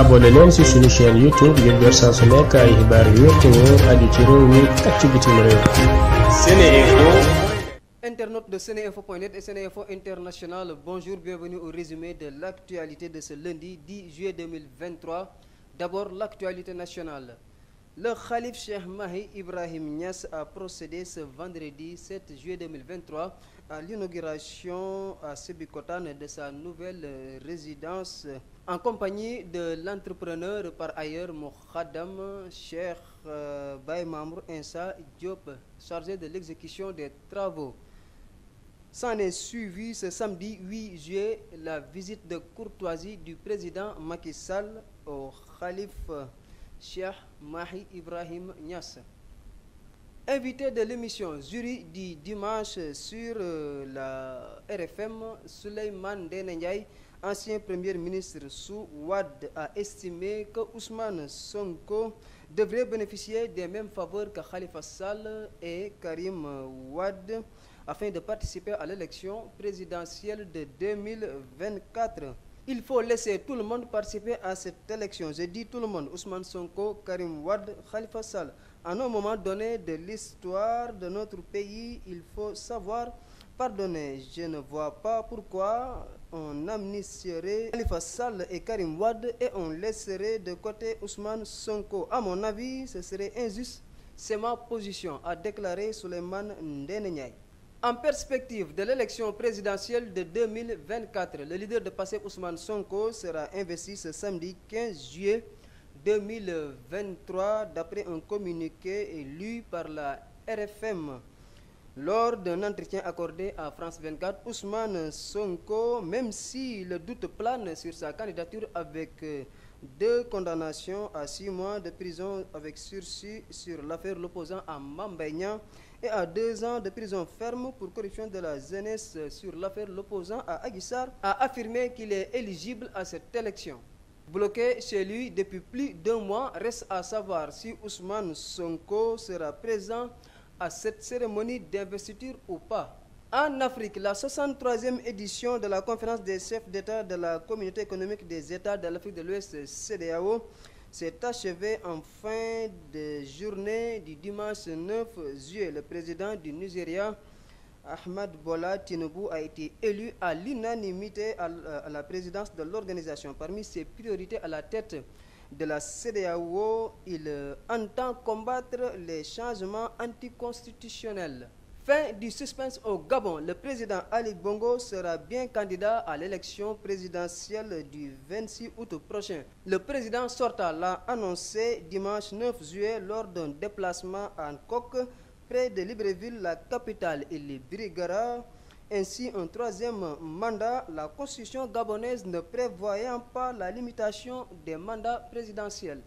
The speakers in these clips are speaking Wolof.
abonné leen ci suñu chaîne YouTube ngir jot saa su nekk ay xibaar yu wér te ci réew mi ak ci bitim réew. SeneInfo. Internautes de seneinfo.net et International, bonjour, bienvenue au résumé de l'actualité de ce lundi 10 juillet 2023. D'abord, l'actualité nationale. Le Khalif Cheikh Mahi Ibrahim Niass a procédé ce vendredi 7 juillet 2023 à l'inauguration à Sébikotane de sa nouvelle résidence en compagnie de l'entrepreneur par ailleurs Moukhadam Cheikh euh, Baye Mamour Insa Diop, chargé de l'exécution des travaux. S'en est suivi ce samedi juillet la visite de courtoisie du président Macky Sall au Khalif Cheikh Mahi Ibrahim Niass. Invité de l'émission Jury du dimanche sur euh, la RFM, Souleymane Ndéné Ndiaye, ancien premier ministre sous Wade, à estimé que Ousmane Sonko devrait bénéficier des même faveurs que Khalifa Sall et Karim Wade afin de participer à l'élection présidentielle de 2024. il faut laisser tout le monde participer à cette élection je dis tout le monde Ousmane Sonko Karim Wade Khalifa Sall à un moment donné de l'histoire de notre pays il faut savoir pardonner je ne vois pas pourquoi on amnistierait Khalifa Sall et Karim Wade et on laisserait de côté Ousmane Sonko à mon avis ce serait injuste c'est ma position à déclaré Souleymane Ndéné En perspective de l'élection présidentielle de 2024, le leader de PASTEF Ousmane Sonko sera investi ce samedi 15 juillet 2023 d'après un communiqué élu par la RFM. Lors d'un entretien accordé à France 24, Ousmane Sonko, même si le doute plane sur sa candidature avec euh, deux condamnations à six mois de prison avec sursis sur l'affaire l'opposant à Mame Mbaye Niang et à deux ans de prison ferme pour corruption de la jeunesse sur l'affaire l'opposant à Adji Sarr a affirmé qu'il est éligible à cette élection. Bloqué chez depuis plus d'un mois, reste à savoir si Ousmane Sonko sera présent à cette cérémonie d'investiture ou pas. En Afrique, la 63e édition de la conférence des chefs d'État de la Communauté économique des États de l'Afrique de l'Ouest, CEDEAO, s'est achevé en fin de journée du dimanche 9 juillet. Le président du Nigeria, Ahmad Bola Tinubu, a été élu à l'unanimité à euh, la présidence de l'organisation. Parmi ses priorités à la tête de la CEDEAO, il euh, entend combattre les changements anticonstitutionnels. Fin du suspense au Gabon. Le président Ali Bongo sera bien candidat à l'élection présidentielle du 26 août prochain. Le président sortant l'a annoncé dimanche 9 juillet lors d'un déplacement en Coque, près de Libreville, la capitale. Il y briguera ainsi un troisième mandat, la constitution gabonaise ne prévoyant pas la limitation des mandats présidentiels.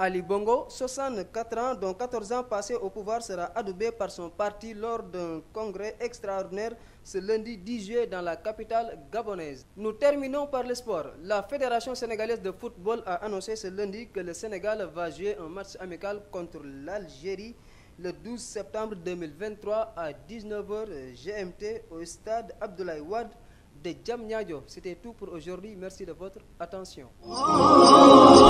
Ali Bongo, 64 ans, dont 14 ans passés au pouvoir, sera adoubé par son parti lors d'un congrès extraordinaire ce lundi 10 juillet dans la capitale gabonaise. Nous terminons par le sport. La Fédération sénégalaise de football a annoncé ce lundi que le Sénégal va jouer un match amical contre l'Algérie le 12 septembre 2023 à 19h GMT au stade Abdoulaye Wade de Diamniadio. C'était tout pour aujourd'hui. Merci de votre attention.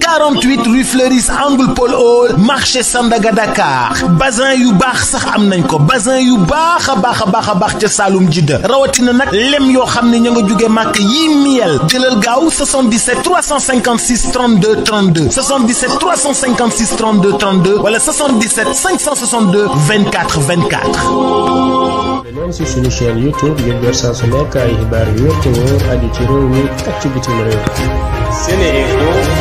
48 rue Fleuris angle Paul Hall marché Sandaga Dakar bazin yu baax sax am nañ ko bazin yu baax a baax a baax a baax ca saalum jidda rawatina nag lem yoo xam ne ña nga jóge màkk yii miel jëlal gaaw 77 356 32 32 77 356 32 32 wala 77 562 24 24. noonu si suñu chaîne YouTube ngir jot saa su nekk ay xibaar yu wér te wóor aju ci réew mi ak ci bitim réew.